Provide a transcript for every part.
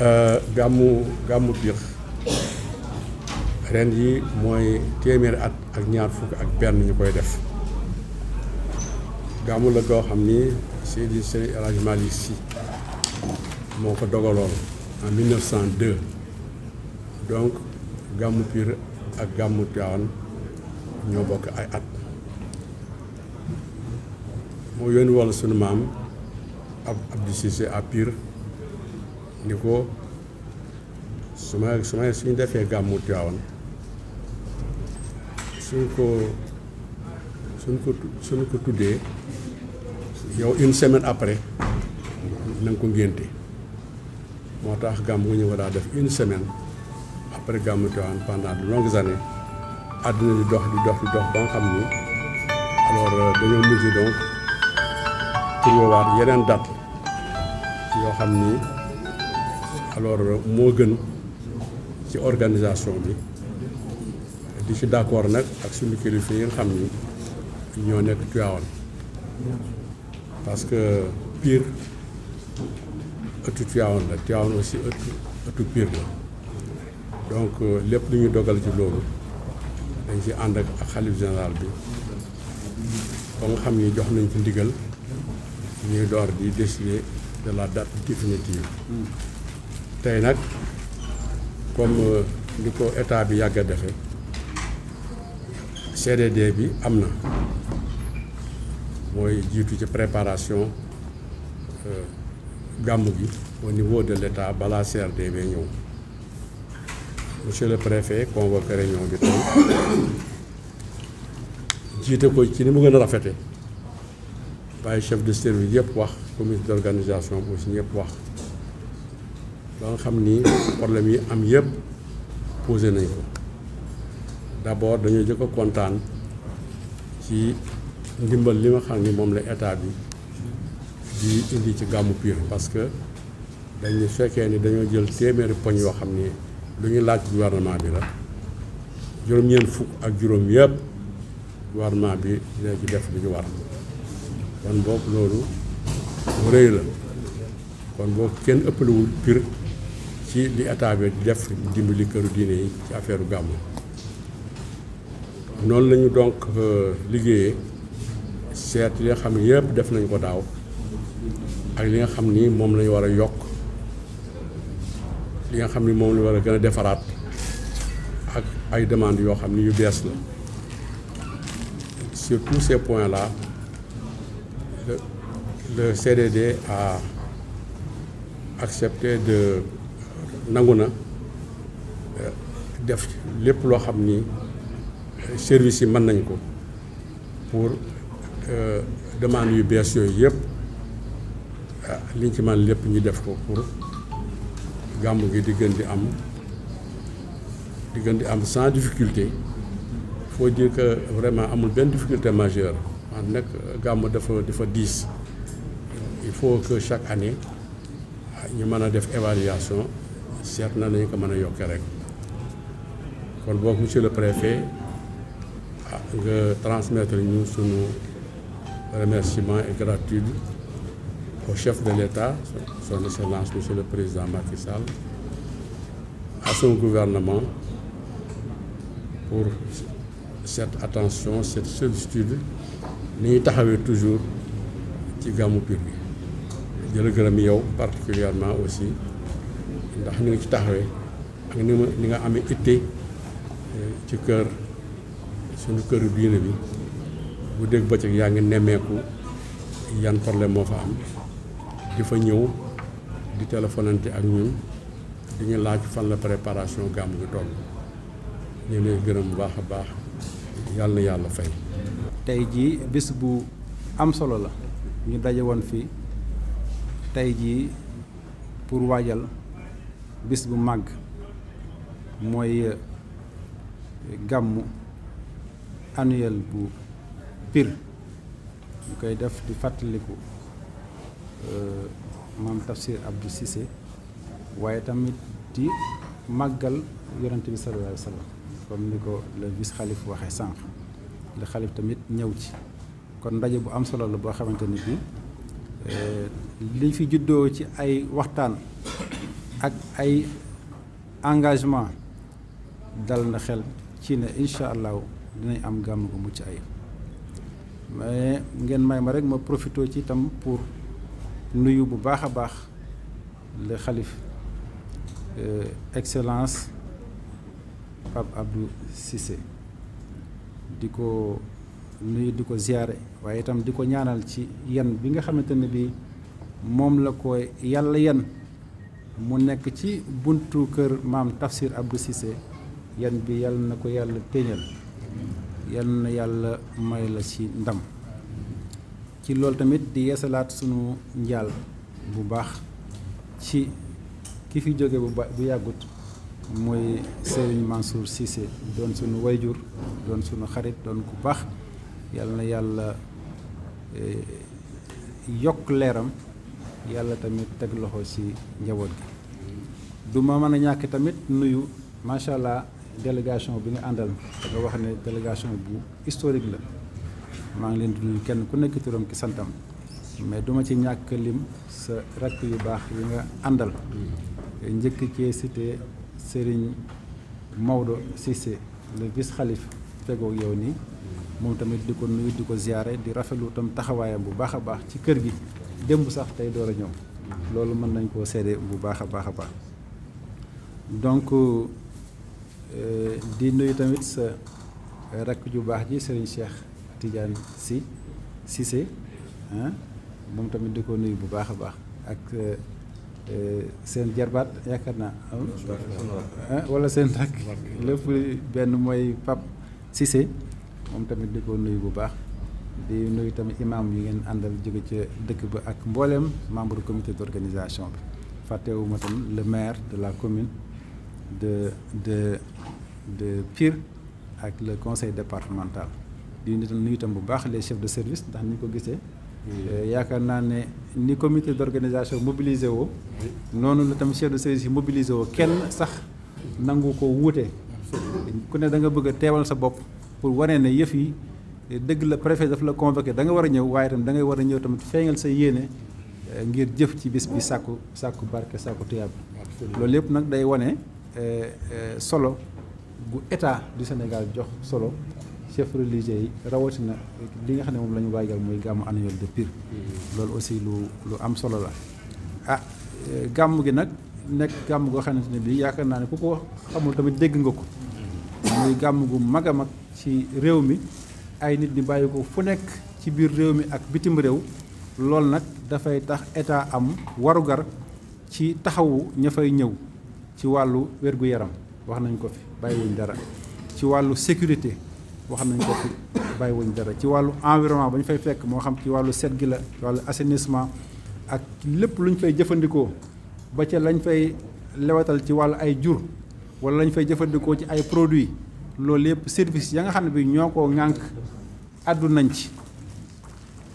Euh, gàmmu gàmmu piir ren yi mooy téeméer at ak ñaar fukk ak benn ñu koy def gàmmu la koo xam ni Seydi Seydi El Hadji Malick Sy moo ko dogaloon en 1902 donc gàmmu piir ak gàmmu Tiwaawan ñoo bokk ay at moo yónni woon sunu maam ab Abdou Cissé à Pire niko ko suma suma suñ defee ya gamu Tiwaawan suñ ko suñ ko suñ ko tuddee yow une semaine après nang ko ngenté motax tax gàmm ñu wara def une semaine après gamu Tiwaawan pendant de longues années aduna di dox di dox di dox ba xam ni alors euh, dañu mujj donc pour yoowaat yeneen date yo xam ni alors euh, moo gën ci organisation bi di ci d'accord nag ak suñu kilifa yi nga xam ni ñoo nekk Tivaouane parce que Pire ëttu Tivaouane la Tivaouane aussi ëttu ëttu Pire la donc euh, lépp lu ñu dogal ci loolu dañ ci ànd ak ak xalif général bi ba nga xam ni jox nañ ci ndigal ñuy door di décider de la date définitive Tay nak comme euh, ni état bi yàgg a CDD bi amna na jitu ci préparation euh, gàmmu bi au niveau de l'État bala balaa CRD bi monsieur le préfet convoqué réunion bi tey jité ko ci ni mu gën a rafete chef de service yëpp wax comité d'organisation aussi ñëpp wax. ba xam ni problème yi am yëpp posé nañ ko d'abord dañoo jëkk kontaan ci ndimbal li nga xam ni moom la état bi di indi ci gàmmu piir parce que dañu fekkee ni dañoo jël téeméeri poñ yoo xam ni lu ñu laaj gouvernement bi la juróom-ñeent fukk ak juróom yëpp gouvernement bi dina ci def lu ñu war kon boobu loolu rëy la kon boobu kenn ëppalewul Pire ci li état bi def dimbali këru diine yi ci affaire gàmmu noonu lañu donc euh, liggéeyee seet li nga xam ne yëpp def nañ ko daaw ak li nga xam ni moom lañu war a yokk li nga xam ni moom lañu war a gën a defaraat ak ay demandes yoo xam ni yu bees la sur tous ces points là le, le CDD a accepté de nanguna eh, def lepp lo xamni eh, service yi man nañ ko pour eh, demande yu bes yooyu yep. liñ ci man lepp ñu def ko pour gamu gi di gën di am di gën di am sans difficulté il faut dire que vraiment amul ben difficulté majeure maanaam nag gàmmu dafa dafa 10 il faut que chaque année ñu mëna def évaluation c'est na nañu ko mën rek monsieur le préfet de ah, nga transmettre ñu remerciements et gratitude au chef de l'État son excellence monsieur le président Macky Sall à son gouvernement pour cette attention cette solitude Nous avons toujours ci gàmmu bi Je remercie particulièrement aussi ndax ñu nga ci taxawee ni nga amee itte eh, ci kër suñu këru diine bi bu dégg bëccëg yaa ngi nemmeeku yan problème moo fa am di fa ñëw di téléphonante ak ñun di ñu laaj fan la préparation gàmm gi toll ñu lay gërëm bu baax a baax yàlla na yàlla fay. tey ji bis bu am solo la ñu daje woon fii tey jii pour waajal. bis bu moye moy euh, gamu annuel bu Pire ñu koy def di euh mam Tafsir Abdou Cissé waye tamit di magal yonent bi sallallahu alayhi wa comme niko le vice wa waxe sank le khalife tamit ñew ci kon ndaje bu am solo la bo xamanteni ni bi euh, li fi juddoo ci ay ak ay engagement dal na xel ci ne incha allahu dinañ am gàmmu gu mucc ayib mais ngeen may ma rek ma profité ci itam pour nuyu bu baax a baax le xalif euh, excellence Pape Abdou Cissé di ko nuyu di ko ziyaare waaye itam di ko ñaanal ci yan bi nga xamante ne bi moom la ko yàlla yan mu nekk ci buntu kër maam Tafsir Abdou Cissé yan bi yàlla na ko yàlla téeñal yàlla na yàlla may la ci ndam ci loolu tamit di yeesalaat sunu njaal bu baax ci ki fi jóge bu ba bu yàggut mooy Serigne Mansour Cissé doon sunu wayjur doon sunu xarit doon ku baax yàlla na yàlla eh, yokk leeram yàlla tamit teg loxo ci njaboot gi du ma mën a ñàkk tamit nuyu macha allah délégation bi nga àndal nga wax ne délégation bu historique la maa ngi leen di nuyu kenn ku nekk turam ki santam mais duma ci ñàkk lim sa rakk yu baax yi nga àndal njëkk cee sëriñ Serigne Maodo Cissé le vice xalif fegoog yow nii moom tamit di ko nuyu di ko ziyaare di rafetlu tam taxawaayam bu baax a baax ci kër gi démb sax tay doora a ñëw loolu mën nañ ko sédé bu baaxa baaxa baax donc euh di nuyu tamit sa rakk ju baax ji Serigne Cheikh Tidiane si c hein mom tamit diko nuyu bu baaxa baax ak euh, seen jarbaat yaakaar naa wala seen rakk lépp benn pap si c mom tamit diko nuyu bu baax di nuyu tamit imam yi ngeen àndal jóge ci dëkk ba ak mbooleem membre comité d'organisation bi fàttewuma tam le maire de la commune de de de Pire ak le conseil départemental di nuyu tam bu baax les chefs de service ndax ni ñu ko gisee euh, yaakaar naa ne ni comité d'organisation mobilisé woo noonu la tam chef de service yi mobilisé woo kenn sax nangu ko wuute ku ne da nga bëgg a teewal sa bopp pour wane ne yëf yi dëgg la préfet daf la convoqué da war a ñëw waaye tam da ngay war a ñëw tamit feeñal sa yéene eh, ngir jëf ci bis bi sàkku sàkku barke sàkku tuyaab loolu yëpp nag day wane eh, eh, solo gu état du Sénégal jox solo chef religieux yi rawatina li nga xam ne moom la ñu waajal muy gàmmu annuel de Pire mm-hmm. loolu aussi lu lu am solo la ah gàmm gi nag nekk gàmm goo xamante ne bii yaakaar naa ne ku ko xamul tamit dégg nga ko mm-hmm. muy gàmm gu mag a mag ci réew mi ay nit ni bayiko fu nek ci bir rew mi ak bitim lol nak da dafay tax eta am warugar ci taxawu ña fay ñëw ci walu wergu yaram wax nañ ko fi bayiwu dara ci walu sécurité wax nañ ko fi bayiwu dara ci walu environnement bañ fay fekk mo xam ci walu set gi la walu assainissement ak lepp luñ fay jëfëndiko ba ca lañ fay lewatal ci walu ay jur wala lañ fay jëfëndiko ci ay produits loolu yëpp service ya nga xam ne bi ñoo koo ŋànk àddu nañ ci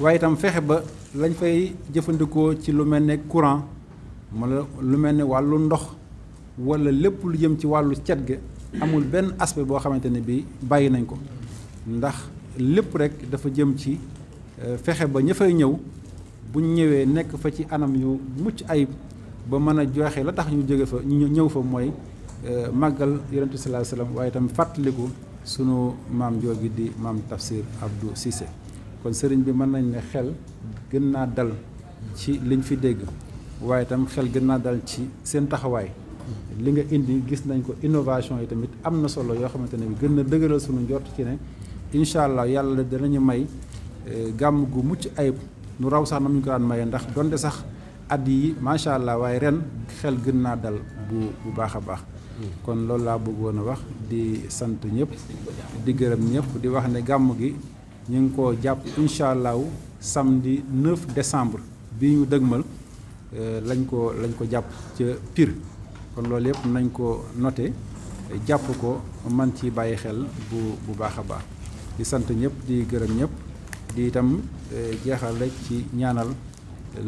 waaye itam fexe ba lañ fay jëfandikoo ci lu mel ne courant wala lu mel ne wàllu ndox wala lépp lu jëm ci wàllu cet ga amul benn aspect boo xamante ne bi bàyyi nañ ko ndax lépp rek dafa jëm ci euh, fexe ba ña ñëw bu ñu ñëwee nekk fa ci anam yu mucc ayib ba mën a joxe la tax ñu jóge fa ñu ñëw fa mooy Euh, màggal yonent bi sallallahu alayhi wa sallam waaye itam fàttaliku sunu maam joogi di maam Tafsir Abdou Cissé kon sëriñ bi mën nañ ne xel gën naa dal ci liñ fi dégg waaye itam xel gën naa dal ci seen taxawaay li nga indi gis nañ ko innovation yi tamit am na solo yoo xamante ne bi gën na dëgëral sunu njort ci ne incha allah yàlla danañu may euh, gàmm gu mucc ayib nu raw sax nam ñu ko daan maye ndax donte sax at yi macha allah waaye ren xel gën naa dal bu bu baax a baax. kon loolu laa bëggoon a wax di sant ñëpp di gërëm ñëpp di wax ne gàmm gi ñu ngi ko jàpp incha allahu samedi 9 décembre bi ñu dëgmal euh, lañ ko lañ ko jàpp ca piir kon loolu yëpp nañ ko noté jàpp ko man ci bàyyi xel bu bu baax a baax di sant ñëpp di gërëm ñëpp di itam euh, jeexal rek ci ñaanal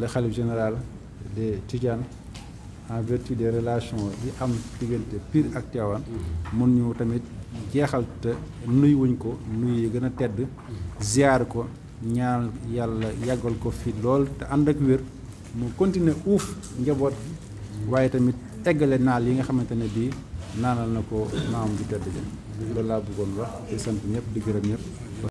le xalif général de Tidiane en vertu de relation yi am diggante Pire ak Tivaouane mun ñu tamit jeexal te nuy wuñ ko nuy yi gën a tedd ziar ko ñaan yàlla yàggal ko fii lool te ànd ak wér mu continuer uuf njaboot waaye tamit eggale naa li nga xamante ne bii naanal na ko maam ju tedd ja loolu laa bëggoon wax di sant ñëpp di gërëm ñëpp